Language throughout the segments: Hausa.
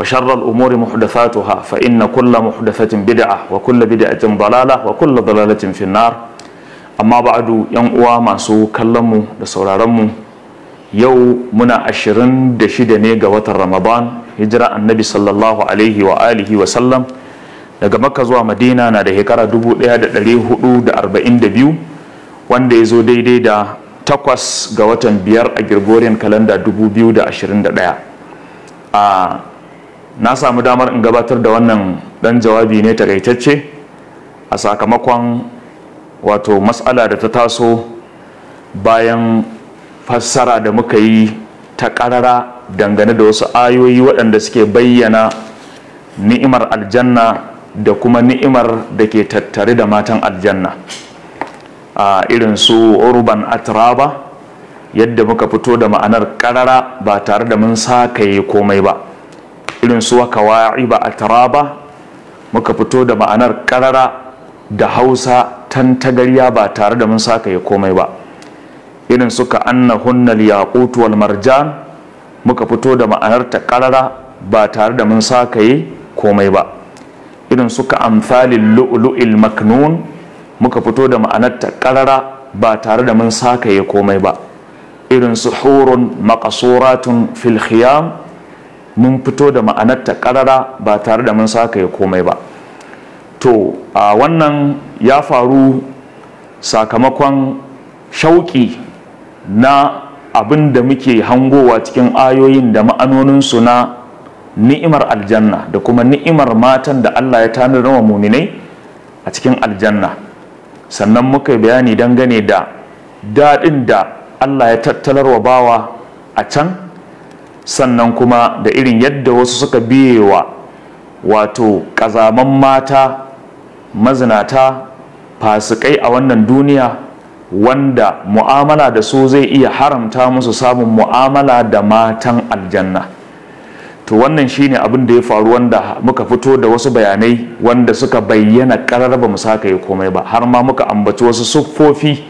وشر الأمور محدثاتها kulla كل محدثة بدعة وكل بدعة ضلالة وكل ضلالة amma ba'adu yan uwa masu ما mu da لسورة mu. yau muna ashirin da shida ne ga watan ramadan hijira annabi sallallahu alaihi wa alihi wa sallam daga makka zuwa madina na da arba'in da biyu. wanda ya zo daidai da takwas ga watan biyar a gregorian kalanda 2021 a na samu damar in gabatar da wannan dan jawabi ne takaitacce a sakamakon wato matsala da ta taso bayan fassara da muka yi ta ƙarara dangane da wasu ayoyi waɗanda suke bayyana ni'imar aljanna da kuma ni'imar da ke tattare da matan aljanna a irin su urban atraba yadda muka fito da ma'anar ƙarara ba tare da mun sakaye komai ba irin su waka ba a taraba muka fito da ma'anar karara da hausa tantagarya ba tare da mun saka ya komai ba irin suka anna hunnal yaqut wal marjan muka fito da ma'anar ta karara ba tare da mun saka yi komai ba irin suka amsalin lu'lu'il maknun muka fito da ma'anar ta karara ba tare da mun saka yi komai ba irin su hurun maqasuratun fil khiyam mun fito da ma'anarta karara ba tare da mun saka ya komai ba to a wannan ya faru sakamakon shauƙi na abin da muke hangowa cikin ayoyin da ma'anoninsu na ni'imar aljanna da kuma ni'imar matan da Allah ya tanar wa muminai a cikin aljanna sannan muka bayani dangane da daɗin da Allah ya tattalar wa bawa a can sannan kuma da irin yadda wasu suka biyewa wato ƙazaman mata mazinata fasikai a wannan duniya wanda mu'amala da su zai iya haramta musu samun mu'amala da matan aljanna to wannan shine abin da ya faru wanda muka fito da wasu bayanai wanda suka bayyana karar ba mu saka yi komai ba har ma muka ambaci wasu siffofi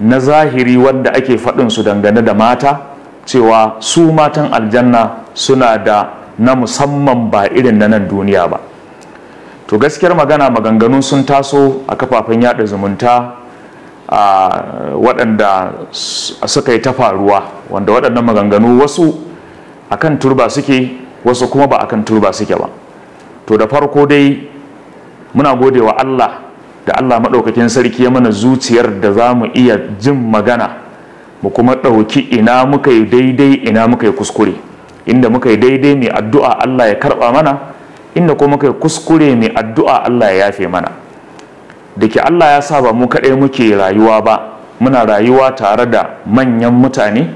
na zahiri wanda ake faɗin su dangane da mata cewa su matan aljanna suna da na musamman ba irin na nan duniya ba to gaskiyar magana maganganu sun taso a kafafen yaɗa zumunta a waɗanda suka yi ta faruwa wanda waɗannan maganganu wasu a kan turba suke wasu kuma ba a kan turba suke ba to da farko dai muna gode wa Allah da Allah maɗaukakin sarki ya mana zuciyar da za mu iya jin magana mu kuma ɗauki ina muka yi daidai ina muka yi kuskure inda muka yi daidai mai addu'a Allah ya karɓa mana inda kuma muka yi kuskure mai addu'a Allah ya yafe mana da ke Allah ya saba mu kaɗai muke rayuwa ba muna rayuwa tare da manyan mutane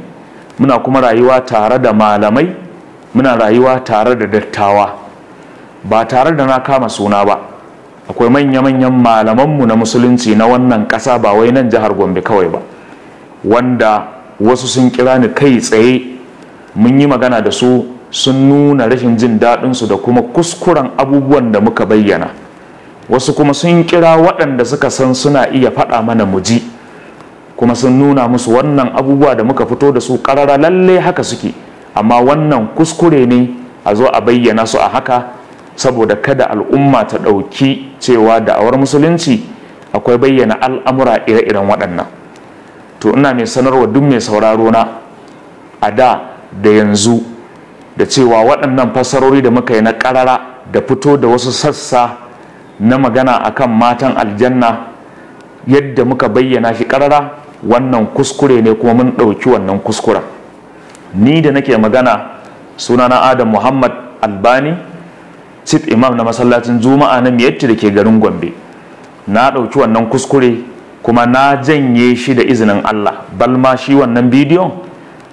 muna kuma rayuwa tare da malamai muna rayuwa tare da dattawa ba tare da na kama suna ba akwai manya-manyan malamanmu na musulunci na wannan ƙasa ba wai nan jihar gombe kawai ba wanda wasu sun kira ni kai tsaye mun yi magana da su sun nuna rashin jin daɗinsu da kuma kuskuren abubuwan da muka bayyana wasu kuma sun kira waɗanda suka san suna iya faɗa mana muji kuma sun nuna musu wannan abubuwa da muka fito da su ƙarara lalle haka suke amma wannan kuskure ne a zo a bayyana su a haka saboda kada al'umma ta ɗauki cewa da'awar musulunci akwai bayyana al'amura ire-iren waɗannan to ina mai sanarwa duk mai sauraro na a da da yanzu da cewa waɗannan fassarori da muka yi na ƙarara da fito da wasu sassa na magana akan matan aljanna yadda muka bayyana shi ƙarara wannan kuskure ne kuma mun ɗauki wannan kuskura. ni da nake magana sunana adam muhammad albani chief imam na masallacin juma'a na miyatti da ke garin gombe na ɗauki wannan kuskure kuma na janye shi da izinin Allah balma shi wannan bidiyon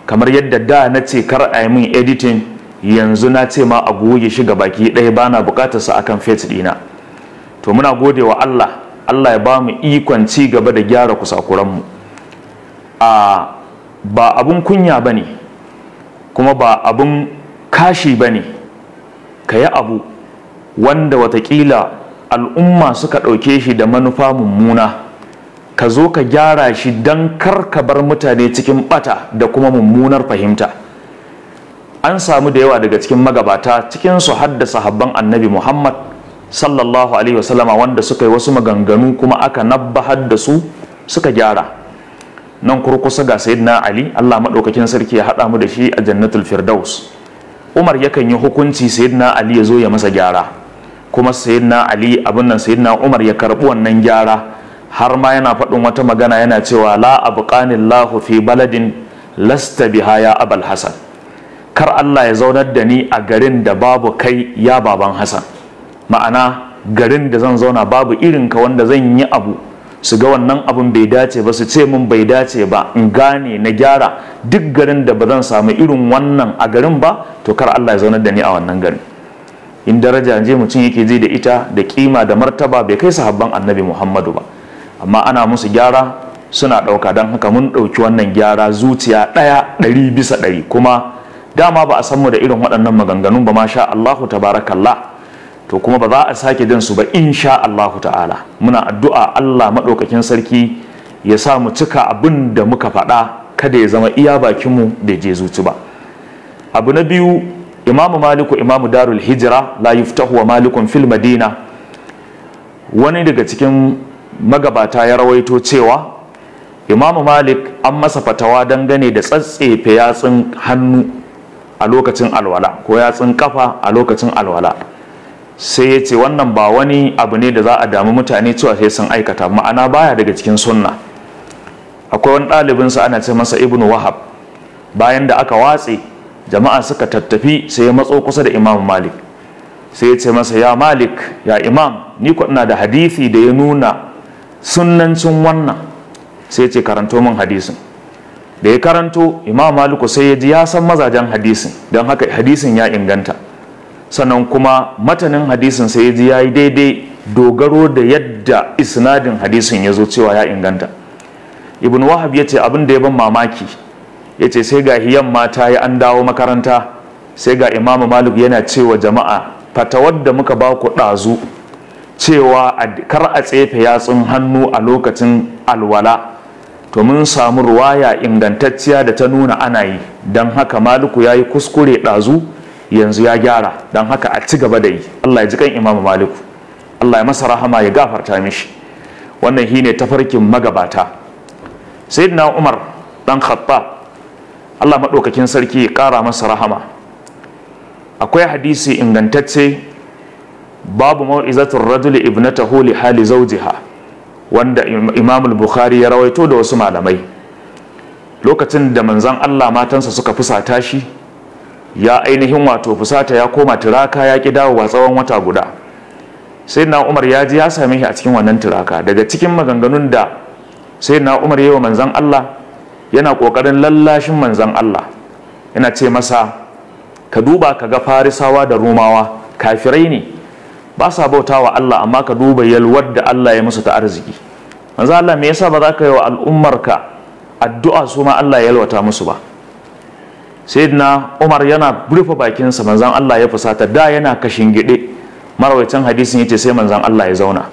kamar yadda da na ce kar a yi min editing yanzu na ce ma a goge shi ga baki ɗaya ba na bukatar sa akan face ɗina to muna gode wa Allah Allah ya ba mu ikon ci gaba da gyara kusakuranmu a ba abun kunya ba ne kuma ba abun kashi ba ne ka yi abu wanda watakila al'umma suka ɗauke shi da manufa mummuna ka zo ka gyara shi don kar ka bar mutane cikin bata da kuma mummunar fahimta an samu da yawa daga cikin magabata cikin su haddasa habban annabi muhammad sallallahu alaihi wasallama wanda suka yi wasu maganganu kuma aka nabba da su suka gyara nan kurkusa ga sayyidina ali allah maɗaukakin sarki ya haɗa mu da shi a jannatul firdaus umar yakan yi hukunci sayyidina ali ya zo ya masa gyara kuma sayyidina ali abin nan sayyidina umar ya karɓi wannan gyara har ma yana faɗin wata magana yana cewa la lahu fi baladin lasta biha ya abal hasan kar Allah ya zaunar da ni a garin da babu kai ya baban hasan ma'ana garin da zan zauna babu irin ka wanda zan yi abu su ga wannan abun bai dace ba su ce min bai dace ba in gane na gyara duk garin da ba zan samu irin wannan a garin ba to kar Allah ya zaunar da ni a wannan garin in daraja je mutum yake ji da ita da kima da martaba bai kai sahabban annabi muhammadu ba amma ana musu gyara suna ɗauka don haka mun ɗauki wannan gyara zuciya ɗaya ɗari bisa ɗari kuma dama ba a san mu da irin waɗannan maganganun ba masha Allahu tabarakallah to kuma ba za a sake jin su ba insha Allahu ta'ala muna addu'a Allah madaukakin sarki ya sa mu cika abin da muka faɗa kada ya zama iya bakin mu da je zuci ba abu na biyu imamu maliku imamu darul hijira la yuftahu wa malikun fil madina wani daga cikin magabata ya rawaito cewa imamu malik an masa fatawa dangane da tsatsefe yatsun hannu a lokacin alwala ko yatsun kafa a lokacin alwala sai ya ce wannan ba wani abu ne da za a damu mutane cewa sai sun aikata ma'ana baya daga cikin sunna akwai wani ɗalibinsa ana ce masa ibnu wahab bayan da aka watse jama'a suka tattafi sai ya matso kusa da imamu malik sai ya ce masa ya malik ya imam ni ina da hadisi da ya nuna sunnancin wannan sai ce karanto min hadisin da ya karanto imam maliku sai ya ji ya san mazajen hadisin don haka hadisin ya inganta sannan kuma matanin hadisin sai ya ji ya yi daidai dogaro da yadda isnadin hadisin ya zo cewa ya inganta ibn wahab ya ce abin da ya ban mamaki ya ce sai ga hiyan mata ya an dawo makaranta sai ga imam malik yana cewa jama'a fatawar da muka ba ku ɗazu cewa kar a tsefe yatsun hannu a lokacin alwala to mun samu ruwaya ingantacciya da ta nuna ana yi don haka maliku ya yi kuskure ɗazu yanzu ya gyara don haka a ci gaba da yi allah ya ji kan imamu maliku allah ya masa rahama ya gafarta mishi wannan ta farkin magabata na umar dan khatta allah maɗaukakin sarki ya ƙara masa rahama akwai hadisi ingantacce babu mau'izatul radul ibnatahu li hali zawjiha wanda Imamul bukhari ya rawaito da wasu malamai lokacin da manzan Allah matansa suka fusata shi ya ainihin wato fusata ya koma tiraka ya ki dawowa tsawon wata guda sai na umar ya ji ya same shi a cikin wannan tiraka daga cikin maganganun da sai na umar ya yi wa manzan Allah yana ƙoƙarin lallashin manzan Allah yana ce masa ka duba ka ga farisawa da rumawa kafirai ne ba sa bauta wa Allah amma ka duba yalwar da Allah ya musu ta arziki manzo Allah me yasa ba za ka yi wa al'ummarka addu'a su ma Allah ya yalwata musu ba sayyidina Umar yana rufe bakinsa manzon Allah ya fusata da yana kashin gide marawaitan hadisin yace sai manzon Allah ya zauna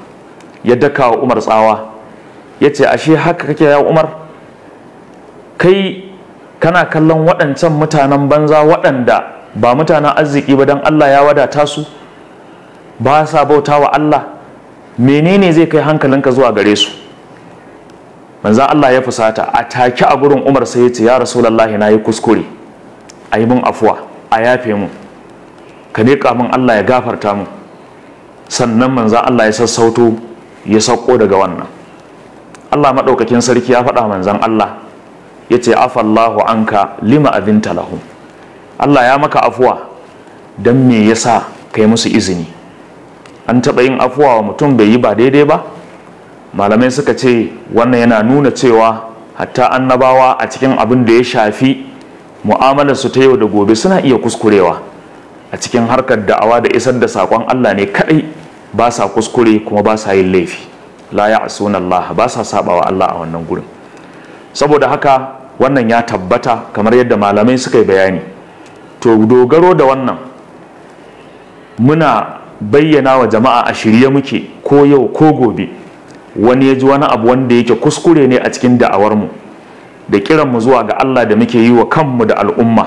ya daka wa Umar tsawa yace ashe haka kake ya Umar kai kana kallon waɗancan mutanen banza waɗanda ba mutanen arziki ba dan Allah ya wadata su ba sa bauta wa Allah menene zai kai hankalinka zuwa gare su manzan Allah ya fusata a take a gurin Umar sai ya ce ya Rasulullahi na yi kuskure a yi mun afuwa a yafe mu ka ne min Allah ya gafarta mu sannan manzan Allah ya sassauto ya sauko daga wannan Allah maɗaukakin sarki ya faɗa manzan Allah ya ce afallahu anka lima abin talahu Allah ya maka afuwa don me yasa yi musu izini an taɓa yin afuwa wa mutum bai yi ba daidai ba malamai suka ce wannan yana nuna cewa hatta annabawa a cikin abin da ya shafi mu'amalar su ta yau da gobe suna iya kuskurewa a cikin harkar da'awa da isar da sakon Allah ne kaɗai ba sa kuskure kuma ba sa yin laifi la ya asuna Allah ba sa sabawa Allah a wannan gurin saboda haka wannan ya tabbata kamar yadda malamai suka yi bayani to dogaro da wannan muna bayyana wa jama'a a shirye muke ko yau ko gobe wani ya ji wani abu wanda yake kuskure ne a cikin da'awarmu da kiranmu zuwa ga Allah da muke yi wa kanmu da al'umma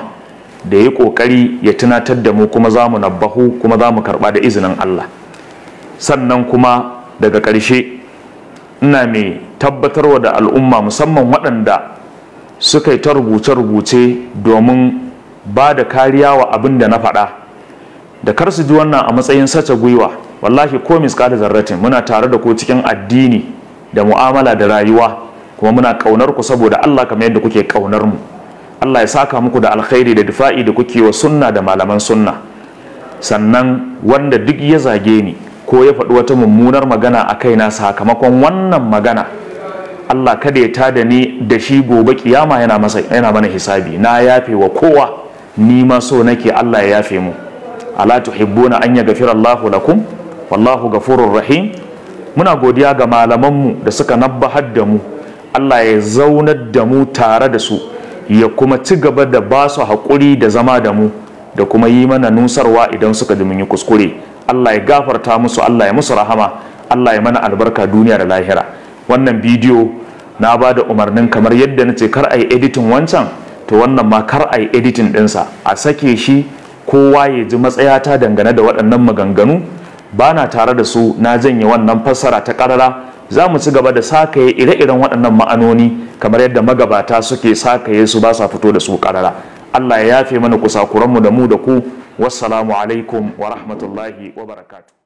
da ya ƙoƙari ya tunatar da mu kuma za mu nabbahu kuma za mu karɓa da izinin Allah sannan kuma daga ƙarshe ina mai tabbatarwa da al'umma musamman waɗanda suka yi ta rubuce-rubuce domin ba da kariya wa abin da na faɗa da kar su ji wannan a matsayin sace gwiwa wallahi ko misqali zarratin muna tare da ku cikin addini da mu'amala da rayuwa kuma muna kaunar ku saboda Allah kamar yadda kuke kaunar mu Allah ya saka muku da alkhairi da difa'i da kuke wa sunna da malaman sunna sannan wanda duk ya zage ni ko ya faɗi wata mummunar magana a kai na sakamakon wannan magana Allah kada ya tada ni da shi gobe kiyama yana yana mana hisabi na yafe wa kowa ni ma so nake Allah ya yafe mu ala tuhibbuna an yaghfira Allahu lakum wallahu ghafurur rahim muna godiya ga malaman mu da suka nabbahar da mu Allah ya zaunar da mu tare da su ya kuma ci gaba da ba su haƙuri da zama da mu da kuma yi mana nusarwa idan suka ji mun yi kuskure Allah ya gafarta musu Allah ya musu rahama Allah ya mana albarka duniya da lahira wannan bidiyo na ba da umarnin kamar yadda na ce kar a yi editin wancan to wannan ma kar a yi editin ɗinsa a sake shi kowa ya ji matsayata dangane da waɗannan maganganu ba na tare da su na janye wannan fassara ta ƙarara za mu ci gaba da sakaye ire-iren waɗannan ma'anoni kamar yadda magabata suke sakaye su ba sa fito da su ƙarara Allah ya yafe mana kusakuranmu da mu da ku wassalamu alaikum wa rahmatullahi wa barakatuh